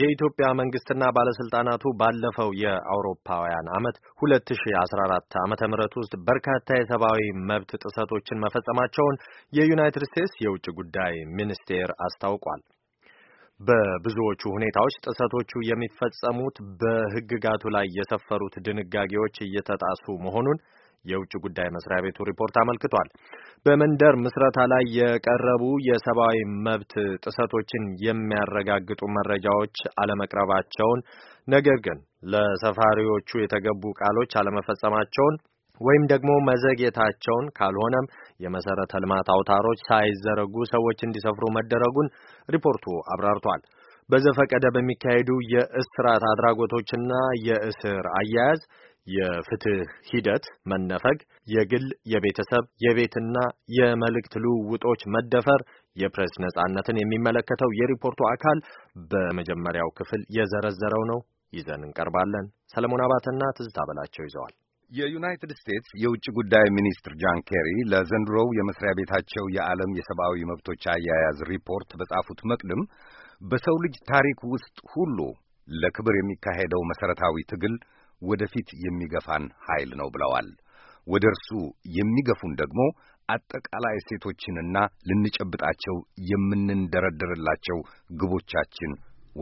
የኢትዮጵያ መንግስትና ባለስልጣናቱ ባለፈው የአውሮፓውያን አመት 2014 ዓመተ ምህረት ውስጥ በርካታ የሰብአዊ መብት ጥሰቶችን መፈጸማቸውን የዩናይትድ ስቴትስ የውጭ ጉዳይ ሚኒስቴር አስታውቋል። በብዙዎቹ ሁኔታዎች ጥሰቶቹ የሚፈጸሙት በህግጋቱ ላይ የሰፈሩት ድንጋጌዎች እየተጣሱ መሆኑን የውጭ ጉዳይ መስሪያ ቤቱ ሪፖርት አመልክቷል። በመንደር ምስረታ ላይ የቀረቡ የሰብአዊ መብት ጥሰቶችን የሚያረጋግጡ መረጃዎች አለመቅረባቸውን፣ ነገር ግን ለሰፋሪዎቹ የተገቡ ቃሎች አለመፈጸማቸውን ወይም ደግሞ መዘግየታቸውን ካልሆነም የመሰረተ ልማት አውታሮች ሳይዘረጉ ሰዎች እንዲሰፍሩ መደረጉን ሪፖርቱ አብራርቷል። በዘፈቀደ በሚካሄዱ የእስራት አድራጎቶችና የእስር አያያዝ የፍትህ ሂደት መነፈግ፣ የግል የቤተሰብ የቤትና የመልእክት ልውውጦች መደፈር የፕሬስ ነጻነትን የሚመለከተው የሪፖርቱ አካል በመጀመሪያው ክፍል የዘረዘረው ነው። ይዘን እንቀርባለን። ሰለሞን አባተና ትዝታ በላቸው ይዘዋል። የዩናይትድ ስቴትስ የውጭ ጉዳይ ሚኒስትር ጃን ኬሪ ለዘንድሮው የመስሪያ ቤታቸው የዓለም የሰብአዊ መብቶች አያያዝ ሪፖርት በጻፉት መቅድም በሰው ልጅ ታሪክ ውስጥ ሁሉ ለክብር የሚካሄደው መሰረታዊ ትግል ወደፊት የሚገፋን ኃይል ነው ብለዋል። ወደ እርሱ የሚገፉን ደግሞ አጠቃላይ ሴቶችንና ልንጨብጣቸው የምንንደረደርላቸው ግቦቻችን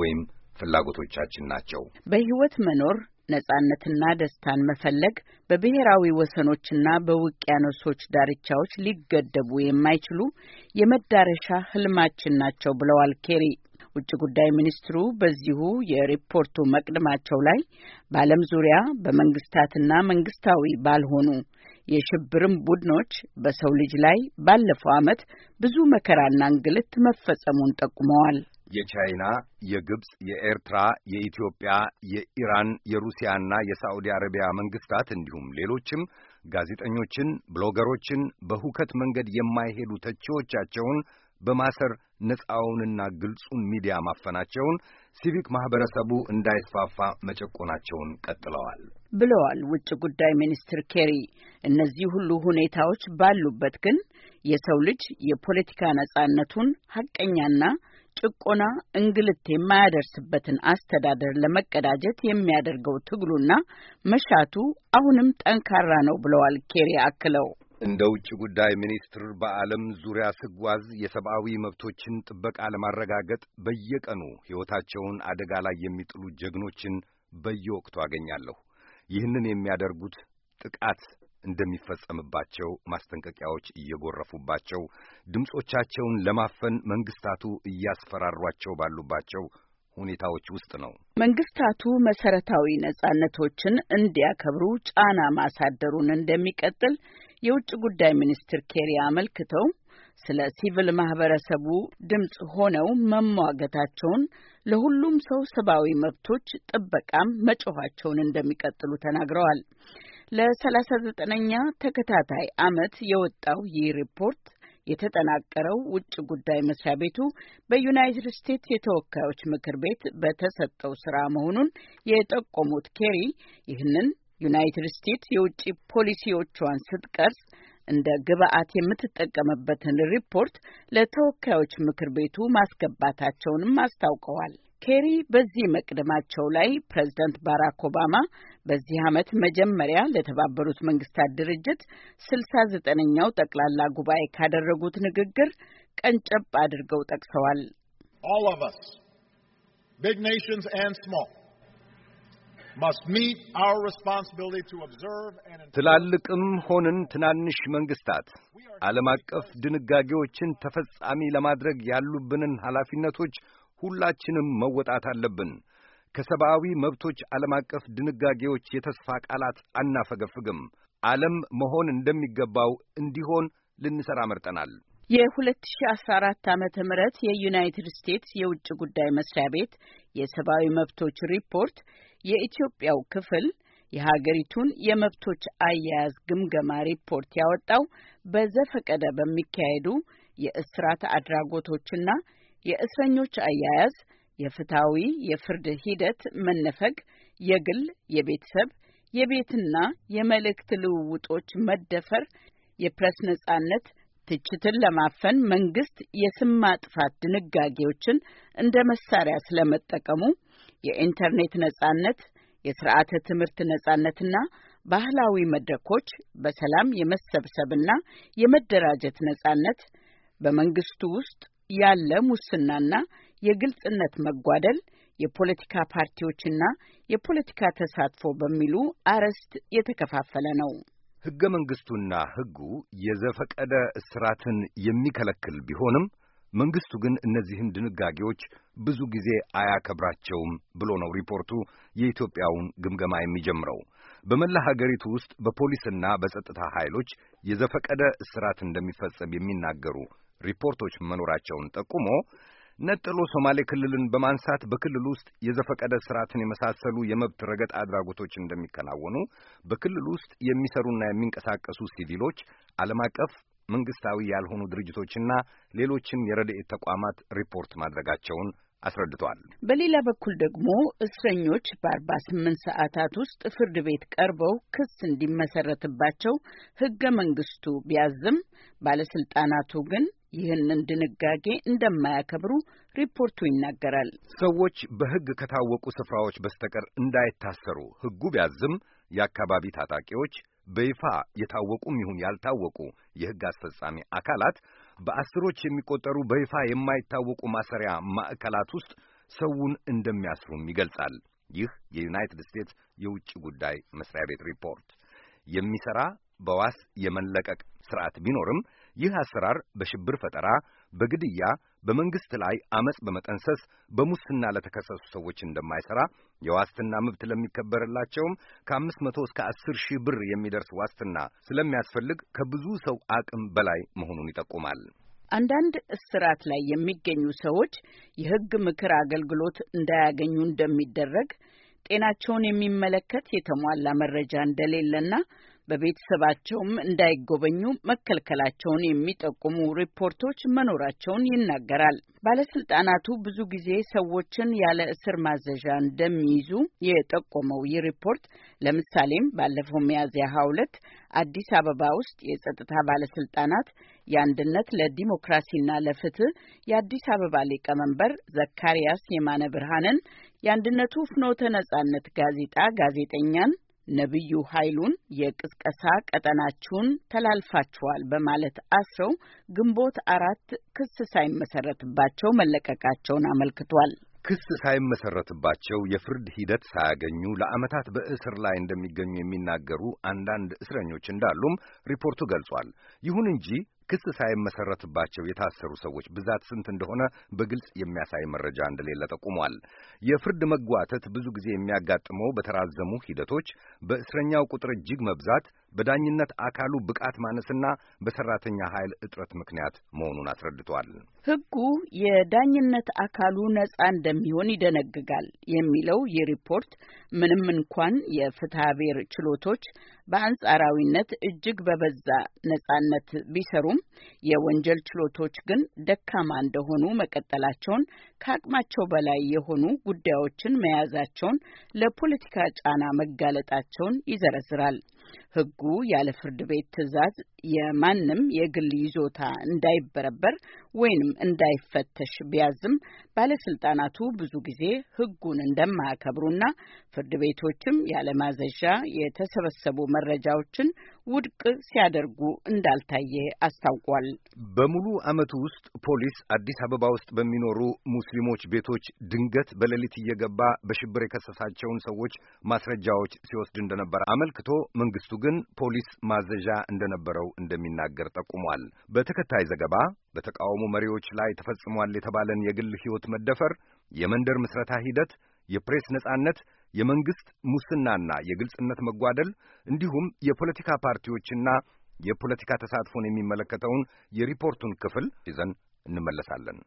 ወይም ፍላጎቶቻችን ናቸው። በሕይወት መኖር ነጻነትና ደስታን መፈለግ በብሔራዊ ወሰኖችና በውቅያኖሶች ዳርቻዎች ሊገደቡ የማይችሉ የመዳረሻ ህልማችን ናቸው ብለዋል ኬሪ። ውጭ ጉዳይ ሚኒስትሩ በዚሁ የሪፖርቱ መቅድማቸው ላይ በዓለም ዙሪያ በመንግስታትና መንግስታዊ ባልሆኑ የሽብርም ቡድኖች በሰው ልጅ ላይ ባለፈው ዓመት ብዙ መከራና እንግልት መፈጸሙን ጠቁመዋል። የቻይና፣ የግብፅ፣ የኤርትራ፣ የኢትዮጵያ፣ የኢራን፣ የሩሲያና የሳዑዲ አረቢያ መንግስታት እንዲሁም ሌሎችም ጋዜጠኞችን፣ ብሎገሮችን፣ በሁከት መንገድ የማይሄዱ ተቺዎቻቸውን በማሰር ነፃውንና ግልጹን ሚዲያ ማፈናቸውን፣ ሲቪክ ማህበረሰቡ እንዳይስፋፋ መጨቆናቸውን ቀጥለዋል ብለዋል ውጭ ጉዳይ ሚኒስትር ኬሪ። እነዚህ ሁሉ ሁኔታዎች ባሉበት ግን የሰው ልጅ የፖለቲካ ነጻነቱን ሀቀኛና ጭቆና እንግልት የማያደርስበትን አስተዳደር ለመቀዳጀት የሚያደርገው ትግሉና መሻቱ አሁንም ጠንካራ ነው ብለዋል ኬሪ አክለው እንደ ውጭ ጉዳይ ሚኒስትር በዓለም ዙሪያ ስጓዝ የሰብአዊ መብቶችን ጥበቃ ለማረጋገጥ በየቀኑ ሕይወታቸውን አደጋ ላይ የሚጥሉ ጀግኖችን በየወቅቱ አገኛለሁ። ይህንን የሚያደርጉት ጥቃት እንደሚፈጸምባቸው ማስጠንቀቂያዎች እየጎረፉባቸው፣ ድምፆቻቸውን ለማፈን መንግስታቱ እያስፈራሯቸው ባሉባቸው ሁኔታዎች ውስጥ ነው። መንግስታቱ መሰረታዊ ነጻነቶችን እንዲያከብሩ ጫና ማሳደሩን እንደሚቀጥል የውጭ ጉዳይ ሚኒስትር ኬሪ አመልክተው ስለ ሲቪል ማህበረሰቡ ድምፅ ሆነው መሟገታቸውን ለሁሉም ሰው ሰብአዊ መብቶች ጥበቃም መጮኋቸውን እንደሚቀጥሉ ተናግረዋል። ለሰላሳ ዘጠነኛ ተከታታይ ዓመት የወጣው ይህ ሪፖርት የተጠናቀረው ውጭ ጉዳይ መስሪያ ቤቱ በዩናይትድ ስቴትስ የተወካዮች ምክር ቤት በተሰጠው ስራ መሆኑን የጠቆሙት ኬሪ ይህንን ዩናይትድ ስቴትስ የውጭ ፖሊሲዎቿን ስትቀርጽ እንደ ግብአት የምትጠቀምበትን ሪፖርት ለተወካዮች ምክር ቤቱ ማስገባታቸውንም አስታውቀዋል። ኬሪ በዚህ መቅደማቸው ላይ ፕሬዝደንት ባራክ ኦባማ በዚህ ዓመት መጀመሪያ ለተባበሩት መንግስታት ድርጅት ስልሳ ዘጠነኛው ጠቅላላ ጉባኤ ካደረጉት ንግግር ቀንጨብ አድርገው ጠቅሰዋል። All of us, big nations and small. ትላልቅም ሆንን ትናንሽ መንግስታት ዓለም አቀፍ ድንጋጌዎችን ተፈጻሚ ለማድረግ ያሉብንን ኃላፊነቶች ሁላችንም መወጣት አለብን። ከሰብአዊ መብቶች ዓለም አቀፍ ድንጋጌዎች የተስፋ ቃላት አናፈገፍግም። ዓለም መሆን እንደሚገባው እንዲሆን ልንሠራ መርጠናል። የ2014 ዓ ም የዩናይትድ ስቴትስ የውጭ ጉዳይ መስሪያ ቤት የሰብአዊ መብቶች ሪፖርት የኢትዮጵያው ክፍል የሀገሪቱን የመብቶች አያያዝ ግምገማ ሪፖርት ያወጣው በዘፈቀደ በሚካሄዱ የእስራት አድራጎቶችና የእስረኞች አያያዝ፣ የፍትሐዊ የፍርድ ሂደት መነፈግ፣ የግል የቤተሰብ የቤትና የመልእክት ልውውጦች መደፈር፣ የፕሬስ ነጻነት፣ ትችትን ለማፈን መንግስት የስም ማጥፋት ድንጋጌዎችን እንደ መሳሪያ ስለመጠቀሙ የኢንተርኔት ነጻነት፣ የስርዓተ ትምህርት ነጻነትና ባህላዊ መድረኮች፣ በሰላም የመሰብሰብና የመደራጀት ነጻነት፣ በመንግስቱ ውስጥ ያለ ሙስናና የግልጽነት መጓደል፣ የፖለቲካ ፓርቲዎችና የፖለቲካ ተሳትፎ በሚሉ አርዕስት የተከፋፈለ ነው። ሕገ መንግሥቱና ሕጉ የዘፈቀደ እስራትን የሚከለክል ቢሆንም መንግስቱ ግን እነዚህን ድንጋጌዎች ብዙ ጊዜ አያከብራቸውም ብሎ ነው ሪፖርቱ የኢትዮጵያውን ግምገማ የሚጀምረው። በመላ ሀገሪቱ ውስጥ በፖሊስና በጸጥታ ኃይሎች የዘፈቀደ እስራት እንደሚፈጸም የሚናገሩ ሪፖርቶች መኖራቸውን ጠቁሞ ነጥሎ ሶማሌ ክልልን በማንሳት በክልል ውስጥ የዘፈቀደ ስርዓትን የመሳሰሉ የመብት ረገጥ አድራጎቶች እንደሚከናወኑ በክልል ውስጥ የሚሰሩና የሚንቀሳቀሱ ሲቪሎች ዓለም አቀፍ መንግስታዊ ያልሆኑ ድርጅቶችና ሌሎችም የረድኤት ተቋማት ሪፖርት ማድረጋቸውን አስረድቷል። በሌላ በኩል ደግሞ እስረኞች በአርባ ስምንት ሰዓታት ውስጥ ፍርድ ቤት ቀርበው ክስ እንዲመሰረትባቸው ህገ መንግስቱ ቢያዝም ባለስልጣናቱ ግን ይህንን ድንጋጌ እንደማያከብሩ ሪፖርቱ ይናገራል። ሰዎች በህግ ከታወቁ ስፍራዎች በስተቀር እንዳይታሰሩ ህጉ ቢያዝም የአካባቢ ታጣቂዎች በይፋ የታወቁም ይሁን ያልታወቁ የሕግ አስፈጻሚ አካላት በአስሮች የሚቆጠሩ በይፋ የማይታወቁ ማሰሪያ ማዕከላት ውስጥ ሰውን እንደሚያስሩም ይገልጻል። ይህ የዩናይትድ ስቴትስ የውጭ ጉዳይ መስሪያ ቤት ሪፖርት የሚሰራ በዋስ የመለቀቅ ስርዓት ቢኖርም ይህ አሰራር በሽብር ፈጠራ በግድያ፣ በመንግስት ላይ አመጽ በመጠንሰስ በሙስና ለተከሰሱ ሰዎች እንደማይሰራ የዋስትና መብት ለሚከበርላቸውም ከአምስት መቶ እስከ አስር ሺህ ብር የሚደርስ ዋስትና ስለሚያስፈልግ ከብዙ ሰው አቅም በላይ መሆኑን ይጠቁማል። አንዳንድ እስራት ላይ የሚገኙ ሰዎች የህግ ምክር አገልግሎት እንዳያገኙ እንደሚደረግ ጤናቸውን የሚመለከት የተሟላ መረጃ እንደሌለና በቤተሰባቸውም እንዳይጎበኙ መከልከላቸውን የሚጠቁሙ ሪፖርቶች መኖራቸውን ይናገራል። ባለስልጣናቱ ብዙ ጊዜ ሰዎችን ያለ እስር ማዘዣ እንደሚይዙ የጠቆመው ይህ ሪፖርት ለምሳሌም ባለፈው ሚያዝያ ሃያ ሁለት አዲስ አበባ ውስጥ የጸጥታ ባለስልጣናት የአንድነት ለዲሞክራሲና ለፍትህ የአዲስ አበባ ሊቀመንበር ዘካሪያስ የማነ ብርሃንን የአንድነቱ ፍኖተ ነጻነት ጋዜጣ ጋዜጠኛን ነቢዩ ኃይሉን የቅስቀሳ ቀጠናችሁን ተላልፋችኋል በማለት አስረው ግንቦት አራት ክስ ሳይመሰረትባቸው መለቀቃቸውን አመልክቷል። ክስ ሳይመሰረትባቸው የፍርድ ሂደት ሳያገኙ ለዓመታት በእስር ላይ እንደሚገኙ የሚናገሩ አንዳንድ እስረኞች እንዳሉም ሪፖርቱ ገልጿል። ይሁን እንጂ ክስ ሳይመሰረትባቸው የታሰሩ ሰዎች ብዛት ስንት እንደሆነ በግልጽ የሚያሳይ መረጃ እንደሌለ ጠቁሟል። የፍርድ መጓተት ብዙ ጊዜ የሚያጋጥመው በተራዘሙ ሂደቶች፣ በእስረኛው ቁጥር እጅግ መብዛት፣ በዳኝነት አካሉ ብቃት ማነስና በሰራተኛ ኃይል እጥረት ምክንያት መሆኑን አስረድቷል። ሕጉ የዳኝነት አካሉ ነጻ እንደሚሆን ይደነግጋል የሚለው ይህ ሪፖርት ምንም እንኳን የፍትሐብሔር ችሎቶች በአንጻራዊነት እጅግ በበዛ ነጻነት ቢሰሩም የወንጀል ችሎቶች ግን ደካማ እንደሆኑ መቀጠላቸውን፣ ከአቅማቸው በላይ የሆኑ ጉዳዮችን መያዛቸውን፣ ለፖለቲካ ጫና መጋለጣቸውን ይዘረዝራል። ሕጉ ያለ ፍርድ ቤት ትዕዛዝ የማንም የግል ይዞታ እንዳይበረበር ወይንም እንዳይፈተሽ ቢያዝም ባለስልጣናቱ ብዙ ጊዜ ሕጉን እንደማያከብሩና ፍርድ ቤቶችም ያለማዘዣ የተሰበሰቡ መረጃዎችን ውድቅ ሲያደርጉ እንዳልታየ አስታውቋል። በሙሉ ዓመቱ ውስጥ ፖሊስ አዲስ አበባ ውስጥ በሚኖሩ ሙስሊሞች ቤቶች ድንገት በሌሊት እየገባ በሽብር የከሰሳቸውን ሰዎች ማስረጃዎች ሲወስድ እንደነበረ አመልክቶ መንግስቱ ግን ፖሊስ ማዘዣ እንደነበረው እንደሚናገር ጠቁሟል። በተከታይ ዘገባ በተቃውሞ መሪዎች ላይ ተፈጽሟል የተባለን የግል ሕይወት መደፈር፣ የመንደር ምስረታ ሂደት፣ የፕሬስ ነጻነት የመንግስት ሙስናና የግልጽነት መጓደል እንዲሁም የፖለቲካ ፓርቲዎችና የፖለቲካ ተሳትፎን የሚመለከተውን የሪፖርቱን ክፍል ይዘን እንመለሳለን።